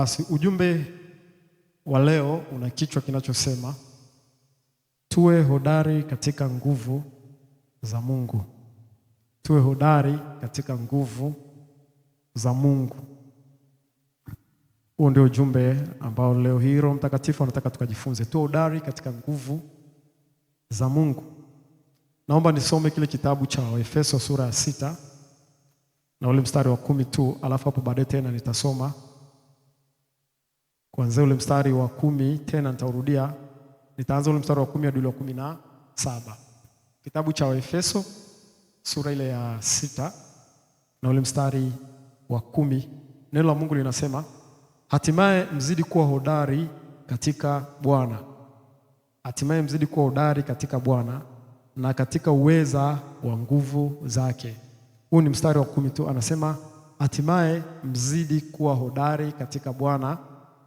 Basi ujumbe wa leo una kichwa kinachosema tuwe hodari katika nguvu za Mungu. Tuwe hodari katika nguvu za Mungu. Huo ndio ujumbe ambao leo hii Roho Mtakatifu anataka tukajifunze. Tuwe hodari katika nguvu za Mungu. Naomba nisome kile kitabu cha Waefeso sura ya sita na ule mstari wa kumi tu, alafu hapo baadaye tena nitasoma kuanzia ule mstari wa kumi. Tena nitaurudia, nitaanza ule mstari wa kumi hadi ule wa kumi na saba kitabu cha Waefeso sura ile ya sita na ule mstari wa kumi. Neno la Mungu linasema hatimaye mzidi kuwa hodari katika Bwana, hatimaye mzidi kuwa hodari katika Bwana na katika uweza wa nguvu zake. Huu ni mstari wa kumi tu, anasema hatimaye mzidi kuwa hodari katika Bwana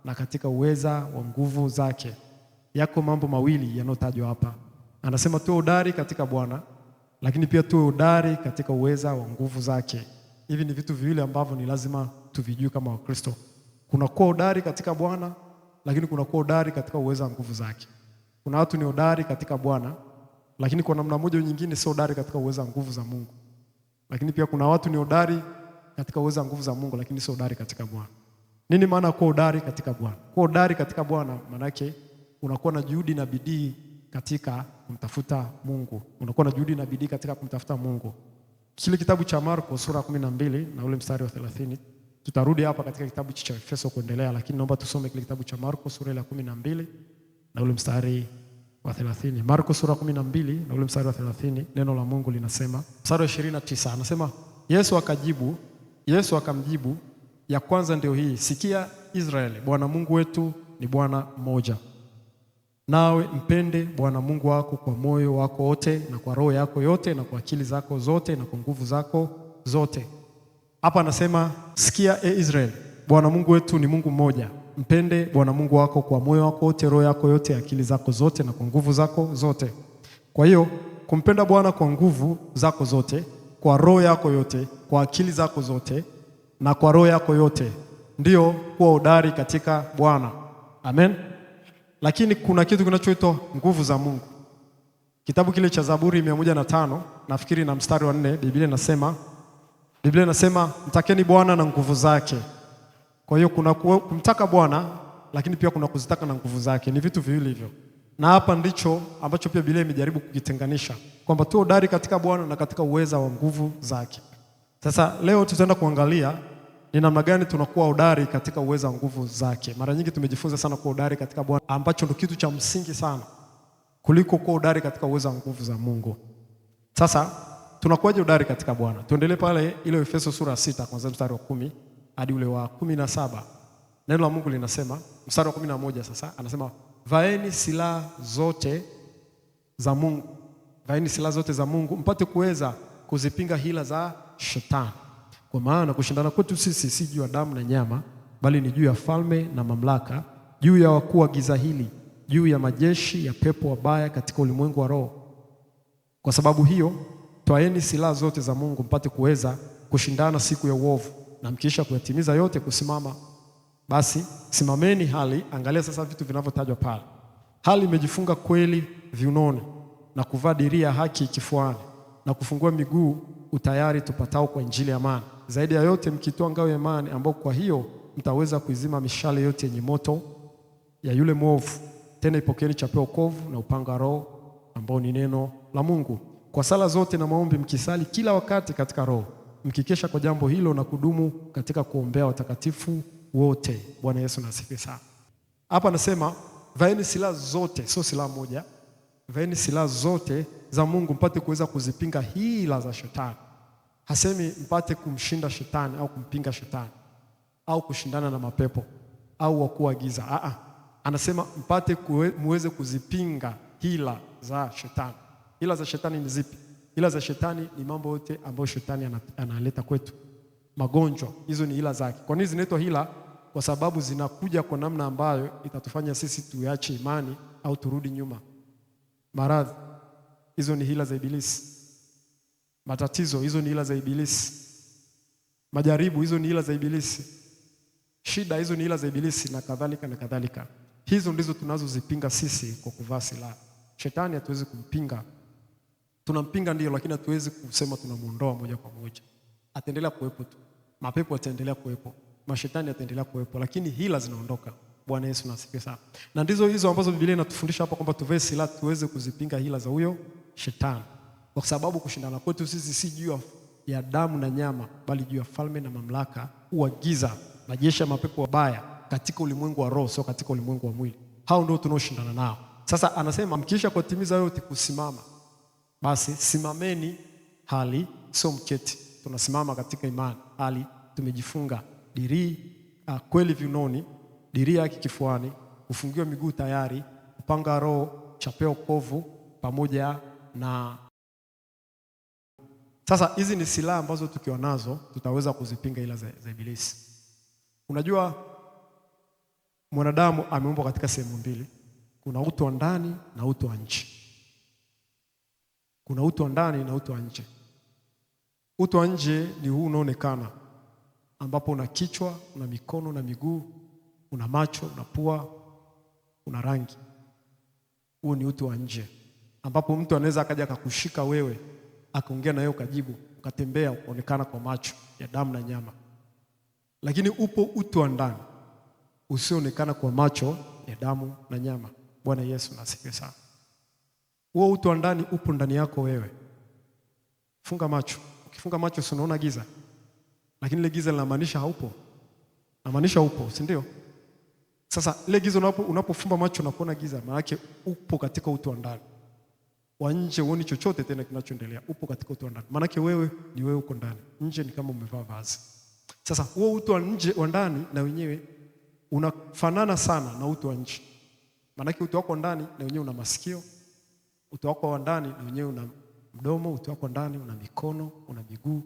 na katika uweza wa nguvu zake. Yako mambo mawili yanayotajwa hapa, anasema tuwe hodari katika Bwana, lakini pia tuwe hodari katika uweza wa nguvu zake. Hivi ni vitu viwili ambavyo ni lazima tuvijue kama Wakristo. Kuna kuwa hodari katika Bwana, lakini kuna kuwa hodari katika uweza wa nguvu zake. Kuna watu ni hodari katika Bwana, lakini kwa namna moja nyingine sio hodari katika uweza wa nguvu za Mungu. Lakini pia kuna watu ni hodari katika uweza wa nguvu za Mungu, lakini sio hodari katika Bwana. Nini maana kuwa hodari katika Bwana? Kuwa hodari katika Bwana maanake unakuwa na juhudi na bidii katika kumtafuta Mungu, unakuwa na juhudi na bidii katika kumtafuta Mungu. Kile kitabu cha Marko sura ya kumi na mbili na ule mstari wa thelathini tutarudi hapa katika kitabu cha Efeso kuendelea, lakini naomba tusome kile kitabu cha Marko sura ya kumi na mbili na ule mstari wa thelathini. Marko sura kumi na mbili na ule mstari wa thelathini, neno la Mungu linasema, mstari wa ishirini na tisa anasema Yesu akajibu, Yesu akamjibu ya kwanza ndio hii: sikia Israeli, Bwana Mungu wetu ni Bwana mmoja, nawe mpende Bwana Mungu wako kwa moyo wako wote na kwa roho yako yote na kwa akili zako zote na kwa nguvu zako zote. Hapa anasema sikia, e Israeli, Bwana Mungu wetu ni Mungu mmoja, mpende Bwana Mungu wako kwa moyo wako wote, roho yako yote, akili zako zote na kwa nguvu zako zote. Kwa hiyo kumpenda Bwana kwa nguvu zako zote, kwa roho yako yote, kwa akili zako zote na kwa roho yako yote, ndio kuwa hodari katika Bwana. Amen. Lakini kuna kitu kinachoitwa nguvu za Mungu. Kitabu kile cha Zaburi mia na tano nafikiri na mstari wa nne Biblia inasema Biblia inasema mtakeni Bwana na nguvu zake. Kwa hiyo kuna kumtaka Bwana, lakini pia kuna kuzitaka na nguvu zake, ni vitu viwili hivyo, na hapa ndicho ambacho pia Biblia imejaribu kukitenganisha kwamba tu hodari katika Bwana na katika uweza wa nguvu zake. Sasa leo tutaenda kuangalia ni namna gani tunakuwa hodari katika uweza nguvu zake. Mara nyingi tumejifunza sana kuwa hodari katika Bwana, ambacho ndo kitu cha msingi sana kuliko kuwa hodari katika uweza nguvu za Mungu. Sasa tunakuwaje hodari katika Bwana? Tuendelee pale ile Efeso sura sita kwanza mstari wa kumi hadi ule wa kumi na saba. Neno la Mungu linasema mstari wa kumi na moja sasa anasema vaeni silaha zote za Mungu, vaeni silaha zote za Mungu mpate kuweza kuzipinga hila za shetani kwa maana kushindana kwetu sisi si juu ya damu na nyama, bali ni juu ya falme na mamlaka, juu ya wakuu wa giza hili, juu ya majeshi ya pepo wabaya katika ulimwengu wa roho. Kwa sababu hiyo, twaeni silaha zote za Mungu mpate kuweza kushindana siku ya uovu, na mkiisha kuyatimiza yote kusimama. Basi simameni hali. Angalia sasa vitu vinavyotajwa pale: hali imejifunga kweli viunoni na kuvaa dirii ya haki kifuani na kufungua miguu utayari tupatao kwa injili ya amani zaidi ya yote mkitoa ngao ya imani, ambao kwa hiyo mtaweza kuizima mishale yote yenye moto ya yule mwovu. Tena ipokeeni chapeo wokovu na upanga Roho ambao ni neno la Mungu, kwa sala zote na maombi mkisali kila wakati katika Roho, mkikesha kwa jambo hilo na kudumu katika kuombea watakatifu wote. Bwana Yesu na sana. Hapa anasema vaeni silaha zote, sio silaha moja, vaeni silaha zote za Mungu mpate kuweza kuzipinga hila za shetani. Hasemi mpate kumshinda shetani au kumpinga shetani au kushindana na mapepo au wakuu wa giza. Aa, anasema mpate muweze kuzipinga hila za shetani. Hila za shetani ni zipi? Hila za shetani ni mambo yote ambayo shetani analeta kwetu, magonjwa, hizo ni hila zake. Kwa nini zinaitwa hila? Kwa sababu zinakuja kwa namna ambayo itatufanya sisi tuache imani au turudi nyuma. Maradhi, hizo ni hila za Ibilisi. Matatizo, hizo ni ila za Ibilisi. Majaribu, hizo ni ila za Ibilisi. Shida, hizo ni ila za Ibilisi na kadhalika na kadhalika. Hizo ndizo tunazozipinga sisi kwa kuvaa silaha. Shetani hatuwezi kumpinga, tunampinga ndio, lakini hatuwezi kusema tunamuondoa moja kwa moja. Ataendelea kuwepo tu, mapepo yataendelea kuwepo, mashetani yataendelea kuwepo, lakini hila zinaondoka. Bwana Yesu nasifiwe sana. Na ndizo hizo ambazo Biblia inatufundisha hapa kwamba tuvae silaha tuweze kuzipinga hila za huyo shetani kwa sababu kushindana kwetu sisi si juu ya damu na nyama, bali juu ya falme na mamlaka, huwa giza na jeshi ya mapepo wabaya katika ulimwengu wa roho, sio katika ulimwengu wa mwili. Hao ndio tunaoshindana nao. Sasa anasema mkiisha kutimiza yote kusimama, basi simameni hali sio mketi. Tunasimama katika imani hali tumejifunga dirii uh, kweli viunoni, dirii yake kifuani, kufungiwa miguu tayari, upanga roho, chapeo kovu pamoja na sasa hizi ni silaha ambazo tukiwa nazo tutaweza kuzipinga ila za, za Ibilisi. Unajua mwanadamu ameumbwa katika sehemu mbili, kuna utu wa ndani na utu wa nje. Kuna utu wa ndani na utu wa nje. Utu wa nje ni huu unaonekana, ambapo una kichwa, una mikono na miguu, una macho, una pua, una rangi. Huo ni utu wa nje, ambapo mtu anaweza akaja akakushika wewe akaongea na yeye ukajibu, ukatembea, ukaonekana kwa macho ya damu na nyama. Lakini upo utu wa ndani usioonekana kwa macho ya damu na nyama. Bwana Yesu nasifiwe sana. Huo utu wa ndani upo ndani yako wewe. Funga macho. Ukifunga macho sinaona unaona giza, lakini ile giza linamaanisha haupo, namaanisha upo, si ndio? Sasa ile giza unapofumba macho na kuona giza, maana yake upo katika utu wa ndani wa nje uoni chochote tena kinachoendelea, upo katika utu wa ndani. Maanake wewe ni wewe, uko ndani, nje ni kama umevaa vazi. Sasa huo utu wa nje wa ndani na wenyewe unafanana sana na utu wa nje, maanake utu wako ndani na wenyewe una masikio, utu wako wa ndani na wenyewe una mdomo, utu wako ndani una mikono, una miguu,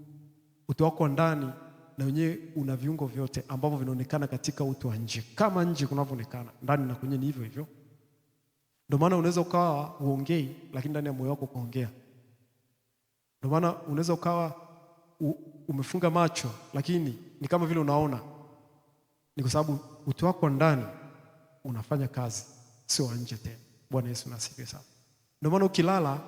utu wako ndani na wenyewe una viungo vyote ambavyo vinaonekana katika utu wa nje. Kama nje kunavyoonekana, ndani na kwenye ni hivyo hivyo. Ndio maana unaweza ukawa uongei lakini ndani ya moyo wako ukaongea. Ndio maana unaweza ukawa umefunga macho, lakini ni kama vile unaona. Ni kwa sababu utu wako ndani unafanya kazi, sio nje tena. Bwana Yesu nasifiwe sana. Ndio maana ukilala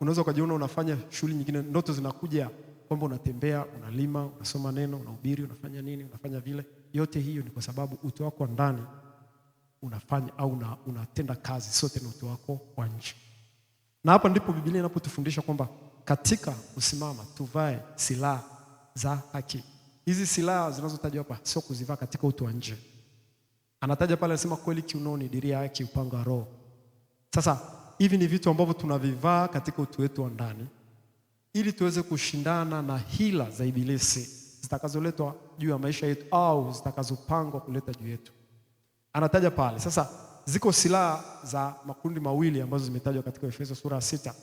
unaweza ukajiona unafanya shughuli nyingine, ndoto zinakuja kwamba unatembea, unalima, unasoma neno, unahubiri, unafanya nini, unafanya vile. Yote hiyo ni kwa sababu utu wako ndani unafanya au una, unatenda kazi, sote na utu wako wa nje. Na hapa ndipo Biblia inapotufundisha kwamba katika kusimama tuvae silaha za haki. Hizi silaha zinazotajwa hapa sio kuzivaa katika utu wa nje, anataja pale, anasema kweli kiunoni, diria haki, upanga Roho. Sasa hivi ni vitu ambavyo tunavivaa katika utu wetu wa ndani ili tuweze kushindana na hila za Ibilisi zitakazoletwa juu ya maisha yetu au zitakazopangwa kuleta juu yetu anataja pale. Sasa ziko silaha za makundi mawili ambazo zimetajwa katika Efeso sura ya sita.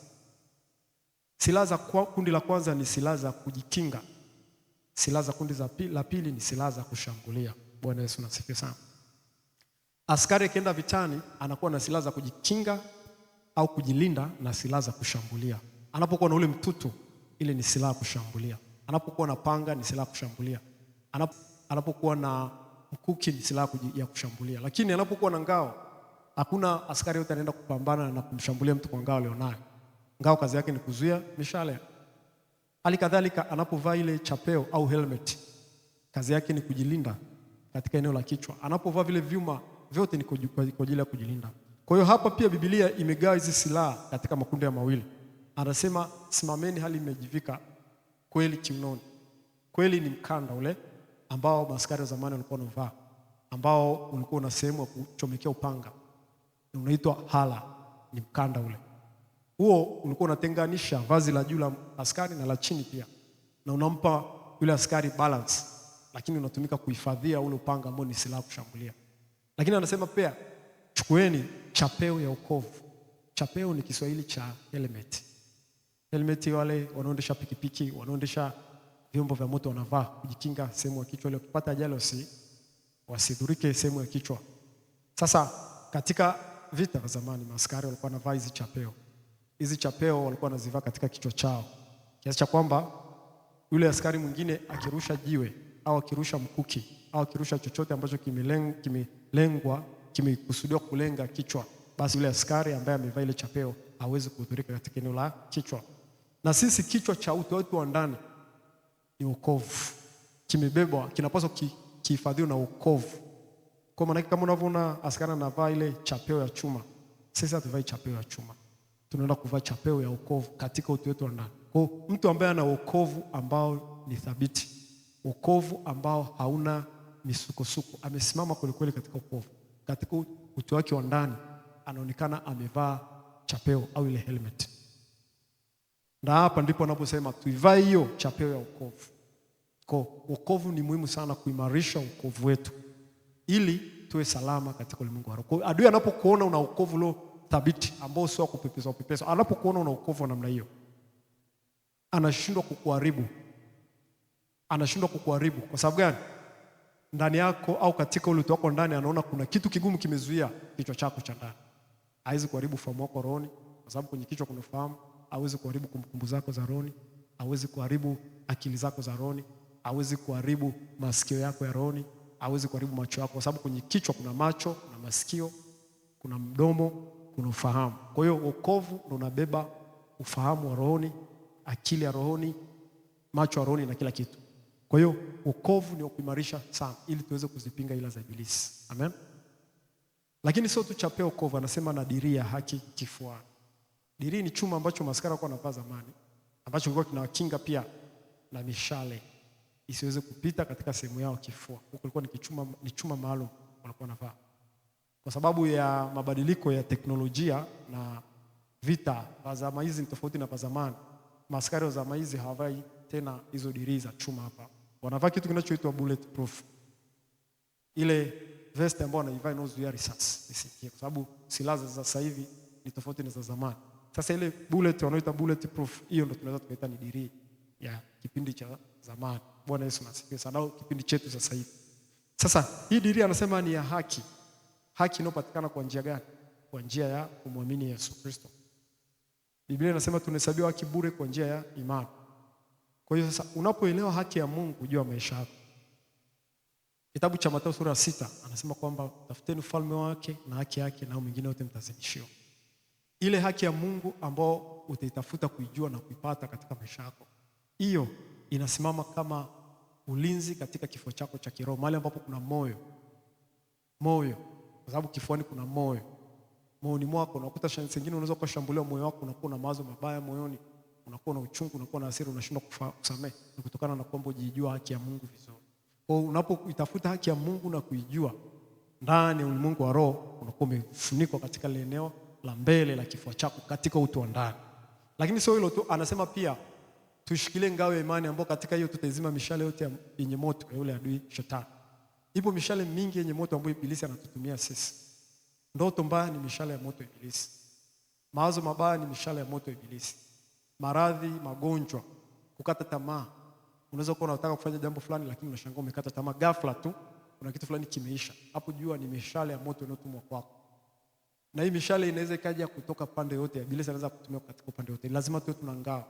Silaha za kundi la kwanza ni silaha za kujikinga, silaha za kundi la pili ni silaha za kushambulia. Bwana Yesu nasifiwe sana. Askari akienda vitani anakuwa na silaha za kujikinga au kujilinda na silaha za kushambulia. Anapokuwa na ule mtutu, ile ni silaha ya kushambulia. Anapokuwa na panga ni silaha ya kushambulia. Anapokuwa na mkuki ni silaha ya kushambulia, lakini anapokuwa na ngao, hakuna askari yote anaenda kupambana na kumshambulia mtu kwa ngao alionayo. Ngao kazi yake ni kuzuia mishale. Hali kadhalika anapovaa ile chapeo au helmet, kazi yake ni kujilinda katika eneo la kichwa. Anapovaa vile vyuma vyote ni kwa ajili ya kujilinda. Kwa hiyo hapa pia Biblia imegawa hizi silaha katika makundi ya mawili. Anasema simameni hali mmejivika kweli kiunoni. Kweli ni mkanda ule ambao maskari wa zamani walikuwa wanavaa, ambao ulikuwa una sehemu ya kuchomekea upanga, unaitwa hala, ni mkanda ule. Huo ulikuwa unatenganisha vazi la juu la askari na la chini pia, na unampa yule askari balance, lakini unatumika kuhifadhia ule upanga ambao ni silaha kushambulia. Lakini anasema pia chukueni chapeo ya ukovu Chapeo ni Kiswahili cha helmet. Helmet wale wanaoendesha pikipiki, wanaoendesha vyombo vya moto wanavaa kujikinga sehemu ya kichwa ili wakipata ajali wasi, wasidhurike sehemu ya kichwa. Sasa katika vita vya zamani maaskari walikuwa wanavaa hizi chapeo. Hizi chapeo walikuwa wanazivaa katika kichwa chao kiasi cha kwamba yule askari mwingine akirusha jiwe au akirusha mkuki au akirusha chochote ambacho kimelengwa kimekusudiwa kulenga kichwa, basi yule askari ambaye amevaa ile chapeo hawezi kuhudhurika katika eneo la kichwa. Na sisi kichwa cha utu wetu wa ndani ni wokovu, kimebebwa kinapaswa kihifadhiwa na wokovu. Kwa maana kama unavyoona askari anavaa ile chapeo ya chuma, sisi hatuvai chapeo ya chuma, tunaenda kuvaa chapeo ya wokovu katika utu wetu wa ndani. Kwa mtu ambaye ana wokovu ambao ni thabiti, wokovu ambao hauna misukosuko, amesimama kwelikweli katika ukovu katika utu wake wa ndani anaonekana amevaa chapeo au ile helmet, na hapa ndipo anaposema tuivae hiyo chapeo ya ukovu kwa wokovu ni muhimu sana kuimarisha wokovu wetu ili tuwe salama katika ulimwengu wa roho. Adui anapokuona una wokovu lo thabiti ambao sio kupepesa upepesa, anapokuona una wokovu wa namna hiyo anashindwa kukuharibu, anashindwa kukuharibu. Kwa sababu gani? Ndani yako au katika ule utu wako ndani, anaona kuna kitu kigumu kimezuia kichwa chako cha ndani. Hawezi kuharibu fahamu yako rohoni, kwa sababu kwenye kichwa kuna fahamu. Hawezi kuharibu kumbukumbu zako za rohoni, hawezi kuharibu akili zako za rohoni hawezi kuharibu masikio yako ya rohoni, hawezi kuharibu macho yako, kwa sababu kwenye kichwa kuna macho, kuna masikio, kuna mdomo, kuna ufahamu. Kwa hiyo wokovu ndio unabeba ufahamu wa rohoni, akili ya rohoni, macho ya rohoni na kila kitu. Kwa hiyo wokovu ni kuimarisha sana, ili tuweze kuzipinga ila za Ibilisi. Amen. Lakini sio tu chapeo kova, anasema na dirii ya haki kifuani. Dirii ni chuma ambacho maskara kwa napaa zamani, ambacho kilikuwa kinawakinga pia na mishale isiweze kupita katika sehemu yao kifua. Huko ilikuwa ni kichuma, ni chuma maalum walikuwa wanavaa. Kwa sababu ya mabadiliko ya teknolojia na vita zama hizi ni tofauti na zamani. Maskari wa zama hizi hawavai tena hizo dirii za chuma hapa, wanavaa kitu kinachoitwa bulletproof, ile vest ambayo wanaivaa inazuia risasi isikie, kwa sababu silaha za sasa hivi ni tofauti na za zamani. Sasa ile bullet wanaoita bulletproof, hiyo ndio tunaweza tukaita ni dirii ya kipindi cha zamani. Bwana Yesu nasifiwe sana, au kipindi chetu sasa hivi. Sasa hii dili anasema ni ya haki. Haki inayopatikana kwa njia gani? Kwa njia ya kumwamini Yesu Kristo. Biblia inasema tunahesabiwa haki bure kwa njia ya imani. Kwa hiyo sasa unapoelewa haki ya Mungu juu ya maisha yako. Kitabu cha Mathayo sura sita anasema kwamba tafuteni ufalme wake na haki yake na mengine yote mtazidishiwa. Ile haki ya Mungu ambayo utaitafuta kuijua na kuipata katika maisha yako. Hiyo inasimama kama ulinzi katika kifo chako cha kiroho, mahali ambapo kuna moyo moyo, kwa sababu kifuani kuna moyo. Moyoni mwako unakuta sengine unaweza ukashambuliwa, moyo wako unakuwa na mawazo mabaya moyoni, unakuwa na uchungu, unakuwa na hasira, unashindwa kusamehe, ni kutokana na kwamba ujiijua haki ya Mungu vizuri. Kwa hiyo unapoitafuta haki ya Mungu na kuijua ndani ya ulimwengu wa roho, unakuwa umefunikwa katika lile eneo la mbele la kifua chako katika utu wa ndani. Lakini sio hilo tu, anasema pia Tushikilie ngao ya imani ambayo katika hiyo tutaizima mishale yote yenye moto ya yule adui shetani. Ipo mishale mingi yenye moto ambayo ibilisi anatutumia sisi. Ndoto mbaya ni mishale ya moto ya ibilisi. Mawazo mabaya ni mishale ya moto ya ibilisi. Maradhi, magonjwa, kukata tamaa. Unaweza kuwa unataka kufanya jambo fulani lakini unashangaa umekata tamaa ghafla tu. Kuna kitu fulani kimeisha. Hapo jua ni mishale ya moto inayotumwa kwako. Na hii mishale inaweza ikaja kutoka pande yote. ya Ibilisi anaweza kutumia katika pande yote. Lazima tuwe tuna ngao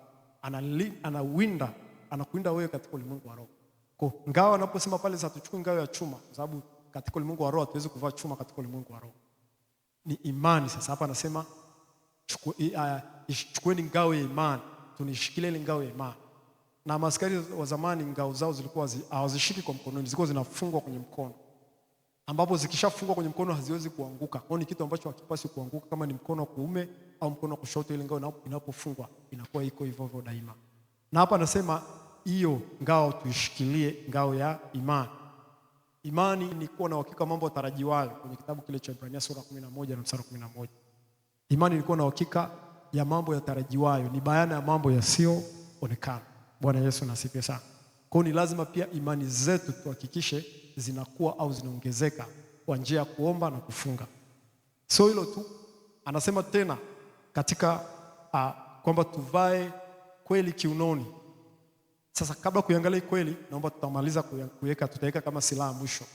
anawinda anakuinda wewe katika ulimwengu wa roho. Kwa ngao anaposema pale, hatuchukui ngao ya chuma, kwa sababu katika ulimwengu wa roho hatuwezi kuvaa chuma katika ulimwengu wa roho. Ni imani. Sasa hapa anasema chukueni uh, ngao ya imani, tunishikile ile ngao ya imani. Na maskari wa zamani ngao zao zilikuwa hawazishiki kwa mkononi, zilikuwa zinafungwa kwenye mkono ambapo zikishafungwa kwenye mkono haziwezi kuanguka. Kwa ni kitu ambacho hakipasi kuanguka kama ni mkono wa kuume au mkono wa kushoto, ile ngao inapofungwa inakuwa iko hivyo hivyo daima. Na hapa anasema hiyo ngao tuishikilie, ngao ya imani. Imani ni kuwa na uhakika mambo tarajiwayo kwenye kitabu kile cha Ibrania sura 11 na mstari 11. Imani ni kuwa na uhakika ya mambo yatarajiwayo, ni bayana ya mambo yasiyoonekana. Bwana Yesu nasifiwe sana. Kwa ni lazima pia imani zetu tuhakikishe zinakuwa au zinaongezeka kwa njia ya kuomba na kufunga. Sio hilo tu, anasema tena katika uh, kwamba tuvae kweli kiunoni. Sasa kabla kuiangalia kweli, naomba tutamaliza kuweka, tutaweka kama silaha mwisho,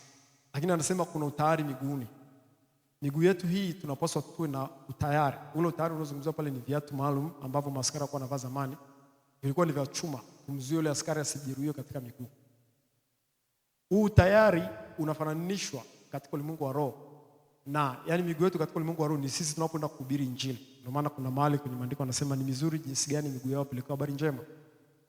lakini anasema kuna utayari miguuni. Miguu yetu hii tunapaswa tuwe na utayari. Ule utayari unaozungumzwa pale ni viatu maalum ambavyo maaskari walikuwa wanavaa zamani, vilikuwa ni vya chuma kumzuia yule askari asijeruhiwe katika miguu. Huu tayari unafananishwa katika ulimwengu wa roho na yani, miguu yetu katika ulimwengu wa roho ni sisi tunapoenda kuhubiri Injili. Ndio maana kuna mahali kwenye maandiko anasema ni mizuri jinsi gani miguu yao pelekea habari njema.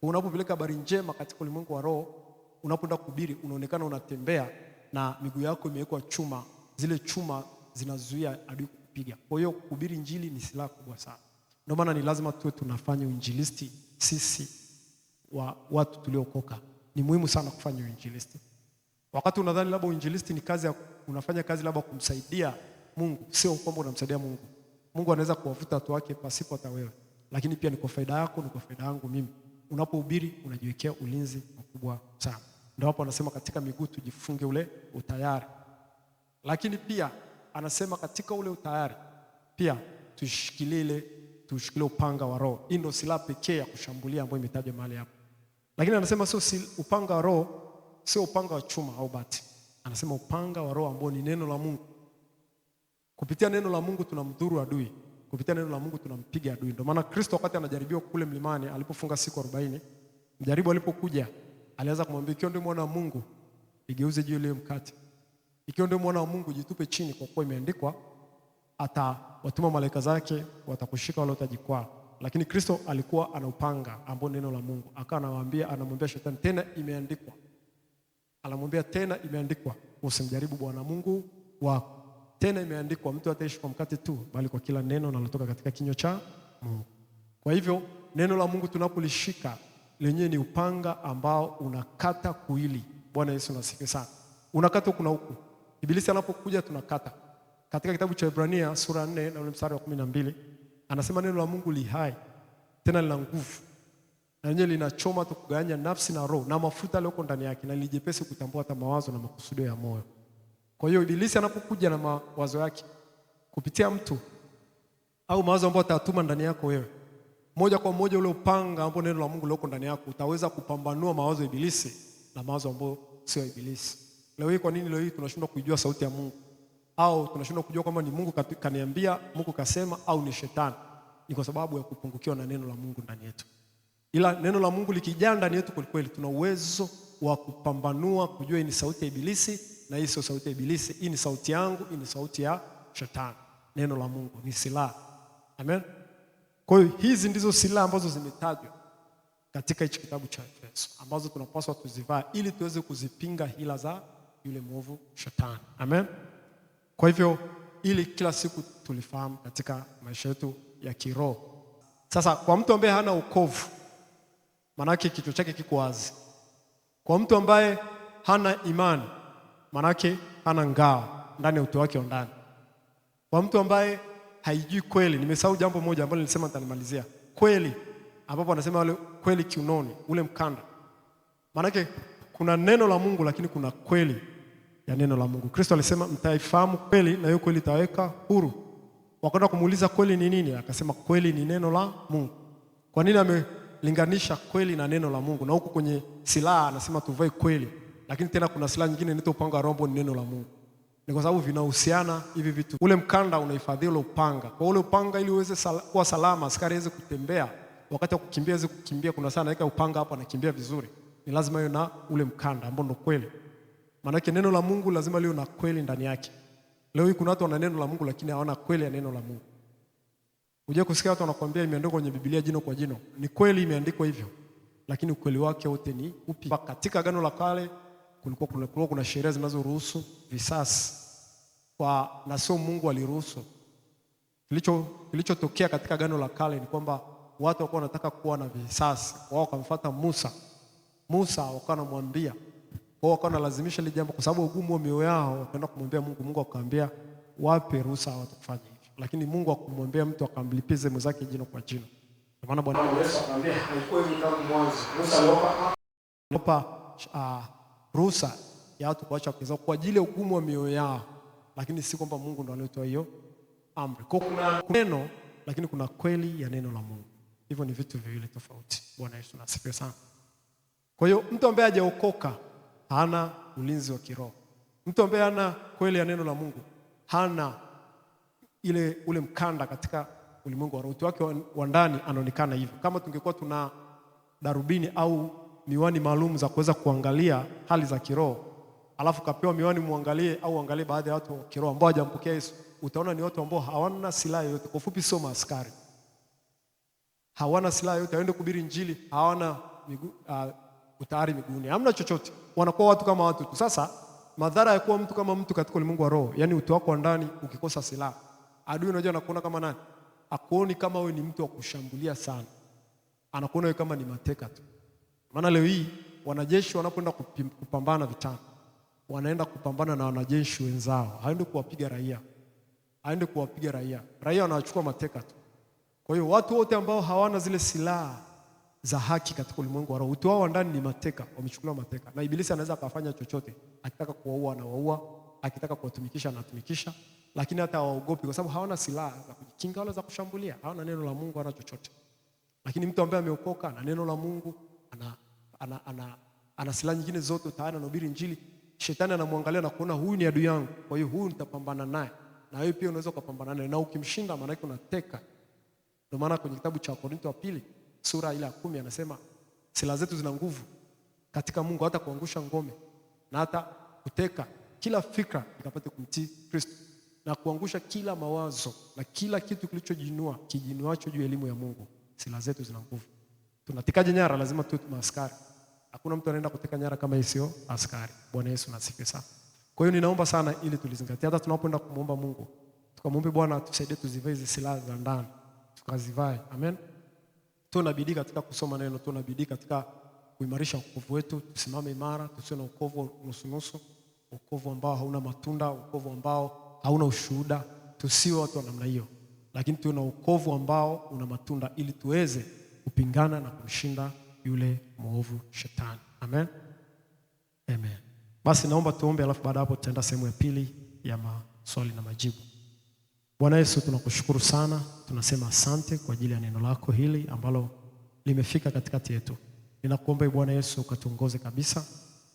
Unapopeleka habari njema katika ulimwengu wa roho, unapoenda kuhubiri, unaonekana unatembea na miguu yako imewekwa chuma, zile chuma zinazuia adui kupiga. Kwa hiyo kuhubiri Injili ni silaha kubwa sana. Ndio maana ni lazima tuwe tunafanya uinjilisti sisi wa watu tuliokoka. Ni muhimu sana kufanya uinjilisti. Wakati unadhani labda uinjilisti ni kazi ya unafanya kazi labda kumsaidia Mungu, sio kwamba unamsaidia Mungu. Mungu anaweza kuwavuta watu wake pasipo hata wewe, lakini pia ni kwa faida yako, ni kwa faida yangu mimi. Unapohubiri unajiwekea ulinzi mkubwa sana. Ndio hapo anasema katika miguu tujifunge ule utayari, lakini pia anasema katika ule utayari pia tushikilie ile tushikilie upanga wa Roho. Hii ndio silaha pekee ya kushambulia ambayo imetajwa mahali hapa, lakini anasema sio upanga wa Roho sio upanga wa chuma au bati, anasema upanga wa Roho ambao ni neno la Mungu. Kupitia neno la Mungu tunamdhuru adui, kupitia neno la Mungu tunampiga adui. Ndio maana Kristo wakati anajaribiwa kule mlimani, alipofunga siku 40, mjaribu alipokuja alianza kumwambia, ikiwa ndio mwana wa Mungu igeuze jiwe liwe mkate, ikiwa ndio mwana wa Mungu jitupe chini, kwa kuwa imeandikwa, watuma malaika zake watakushika, wala utajikwaa. Lakini Kristo alikuwa ana upanga ambao neno la Mungu, akawa anamwambia anamwambia shetani tena, imeandikwa Anamwambia tena, imeandikwa usimjaribu Bwana Mungu wako. Tena imeandikwa mtu ataishi kwa mkate tu, bali kwa kila neno linalotoka katika kinywa cha Mungu. Kwa hivyo neno la Mungu tunapolishika lenyewe ni upanga ambao unakata kuili. Bwana Yesu nasifiwe sana. Unakata kuna huku. Ibilisi anapokuja tunakata. Katika kitabu cha Ibrania sura 4 na ule mstari wa 12 anasema neno la Mungu li hai tena lina nguvu na lenyewe linachoma tu kuganya nafsi na roho na mafuta yaliyoko ndani yake, na lijepesi kutambua hata mawazo na makusudio ya moyo. Kwa hiyo ibilisi anapokuja na mawazo yake kupitia mtu au mawazo ambayo atatuma ndani yako wewe, moja kwa moja ule upanga ambao neno la Mungu liko ndani yako, utaweza kupambanua mawazo ya ibilisi na mawazo ambayo sio ibilisi. Leo hii, kwa nini leo hii tunashindwa kujua sauti ya Mungu au tunashindwa kujua kwamba ni Mungu kaniambia, Mungu kasema, au ni shetani? Ni kwa sababu ya kupungukiwa na neno la Mungu ndani yetu ila neno la Mungu likijaa ndani yetu kwelikweli, tuna uwezo wa kupambanua, kujua hii ni sauti ya Ibilisi na hii sio sauti ya Ibilisi, hii ni sauti yangu, hii ni sauti ya Shetani. Neno la Mungu ni silaha. Amen. Kwa hiyo hizi ndizo silaha ambazo zimetajwa katika hichi kitabu cha Efeso ambazo tunapaswa tuzivaa ili tuweze kuzipinga hila za yule mwovu Shetani. Amen. Kwa hivyo ili kila siku tulifahamu katika maisha yetu ya kiroho. Sasa kwa mtu ambaye hana ukovu manake kichwa chake kiko wazi. Kwa mtu ambaye hana imani, manake hana ngao ndani ya uto wake wa ndani. Kwa mtu ambaye haijui kweli, nimesahau jambo moja ambalo nilisema nitalimalizia kweli, ambapo anasema wale kweli kiunoni, ule mkanda, manake kuna neno la Mungu, lakini kuna kweli ya neno la Mungu. Kristo alisema mtaifahamu kweli na hiyo kweli itaweka huru. Wakaenda kumuuliza kweli ni nini? Akasema kweli ni neno la Mungu. Kwa nini ame linganisha kweli na neno la Mungu, na huku kwenye silaha anasema tuvae kweli, lakini tena kuna silaha nyingine inaitwa upanga wa Roho, ni neno la Mungu. Ni kwa sababu vinahusiana hivi vitu. Ule mkanda unahifadhia ule upanga, kwa ule upanga ili uweze sal kuwa salama, askari aweze kutembea wakati wa kukimbia aweze kukimbia. Kuna sana anaweka upanga hapo, anakimbia vizuri, ni lazima iwe na ule mkanda ambao ndo kweli. Maana yake neno la Mungu lazima liwe na kweli ndani yake. Leo hii kuna watu wana neno la Mungu lakini hawana kweli ya neno la Mungu. Unajua kusikia watu wanakuambia imeandikwa kwenye Biblia jino kwa jino. Ni kweli imeandikwa hivyo. Lakini ukweli wake wote ni upi? Katika Agano la Kale kulikuwa kuna, kuna, kuna sheria zinazoruhusu visasi kwa na sio Mungu aliruhusu. Kilicho kilichotokea katika Agano la Kale ni kwamba watu walikuwa wanataka kuwa na visasi. Wao wakamfuata Musa. Musa wakawa wanamwambia wao wakawa wanalazimisha ile jambo kwa sababu ugumu wa mioyo yao, wakaenda kumwambia Mungu. Mungu akamwambia wape ruhusa watu kufanya lakini Mungu akumwombea mtu akamlipize mwenzake jino kwa jino. Kwa maana Bwana Yesu anamwambia mwanzo. Musa uh, ruhusa ya watu kuacha kwa ajili ya ugumu wa mioyo yao, lakini si kwamba Mungu ndo alitoa hiyo amri. Kwa kuna neno lakini kuna kweli ya neno la Mungu. Hivyo ni vitu viwili tofauti. Bwana Yesu asifiwe sana. Kwa hiyo mtu ambaye hajaokoka hana ulinzi wa kiroho. Mtu ambaye hana kweli ya neno la Mungu hana ile ule mkanda katika ulimwengu wa roho wake wa ndani anaonekana hivyo. Kama tungekuwa tuna darubini au miwani maalum za kuweza kuangalia hali za kiroho, alafu kapewa miwani muangalie au angalie baadhi ya watu wa kiroho ambao hawajampokea Yesu, utaona ni watu ambao hawana silaha yoyote. Kwa ufupi, sio maaskari, hawana silaha yoyote, waende kuhubiri Injili, hawana migu, uh, utayari miguuni, hamna chochote, wanakuwa watu kama watu tu. Sasa madhara ya kuwa mtu kama mtu katika ulimwengu wa roho, yani utu wako wa ndani ukikosa silaha Adui unajua anakuona kama nani? Akuoni kama wewe ni mtu wa kushambulia sana, anakuona wewe kama ni mateka tu. Maana leo hii wanajeshi wanapoenda kupambana vitani, wanaenda kupambana na wanajeshi wenzao, haendi kuwapiga raia, haendi kuwapiga raia. Raia wanawachukua mateka tu. Kwa hiyo watu wote ambao hawana zile silaha za haki katika ulimwengu wa roho, utu wao ndani ni mateka, wamechukuliwa mateka, na Ibilisi anaweza akafanya chochote. Akitaka kuwaua anawaua, akitaka kuwatumikisha anatumikisha lakini hata hawaogopi kwa sababu hawana silaha za kujikinga wala za kushambulia. Hawana neno la Mungu, hawana chochote. Lakini mtu ambaye ameokoka na neno la Mungu ana, ana, ana, ana silaha nyingine zote, utaana anahubiri Injili, shetani anamwangalia na kuona huyu ni adui yangu, kwa hiyo huyu nitapambana naye, na wewe pia unaweza kupambana naye, na ukimshinda, maana yake unateka. Ndio maana kwenye kitabu cha Korinto wa pili sura ile ya kumi anasema silaha zetu zina nguvu katika Mungu, hata kuangusha ngome na hata kuteka kila fikra ikapate kumtii Kristo na kuangusha kila mawazo na kila kitu kilichojinua kijinuacho juu ya elimu ya Mungu. Silaha zetu zina nguvu. Tunatekaje nyara? Lazima tuwe maaskari. Hakuna mtu anaenda kuteka nyara kama isio askari. Bwana Yesu nasifiwe sana. Kwa hiyo ninaomba sana ili tulizingatia, hata tunapoenda kumwomba Mungu tukamwombe Bwana atusaidie tuzivae hizi silaha za ndani, tukazivae. Amen. Tuwe na bidii katika kusoma neno, tuwe na bidii katika kuimarisha wokovu wetu, tusimame imara, tusiwe na wokovu nusu nusu, wokovu ambao hauna matunda, wokovu ambao hauna ushuhuda. Tusiwe watu wa namna hiyo, lakini tuwe na wokovu ambao una matunda, ili tuweze kupingana na kumshinda yule mwovu shetani. Amen, amen. Basi naomba tuombe, alafu baada hapo tutaenda sehemu ya pili ya maswali na majibu. Bwana Yesu, tunakushukuru sana, tunasema asante kwa ajili ya neno lako hili ambalo limefika katikati yetu. Ninakuomba Bwana Yesu ukatuongoze kabisa,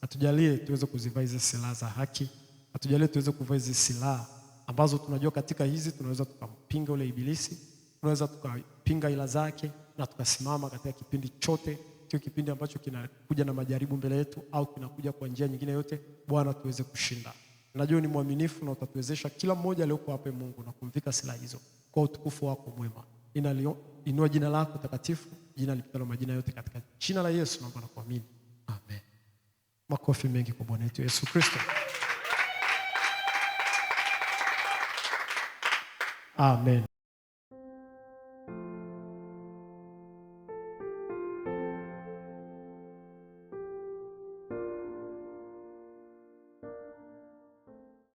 atujalie tuweze kuzivaa hizi silaha za haki Atujaliwe tuweze kuvaa hizi silaha ambazo tunajua katika hizi tunaweza tukampinga ule ibilisi, tunaweza tukapinga ila zake na tukasimama katika kipindi chote, sio kipindi ambacho kinakuja na majaribu mbele yetu au kinakuja kwa njia nyingine yote. Bwana, tuweze kushinda. Najua ni mwaminifu na utatuwezesha kila mmoja aliyoko hapa, Mungu, na kumvika silaha hizo kwa utukufu wako mwema. Inua jina lako takatifu, jina lipitalo majina yote, katika jina la Yesu naomba na kuamini, amen. Makofi mengi kwa Bwana wetu Yesu Kristo. Amen.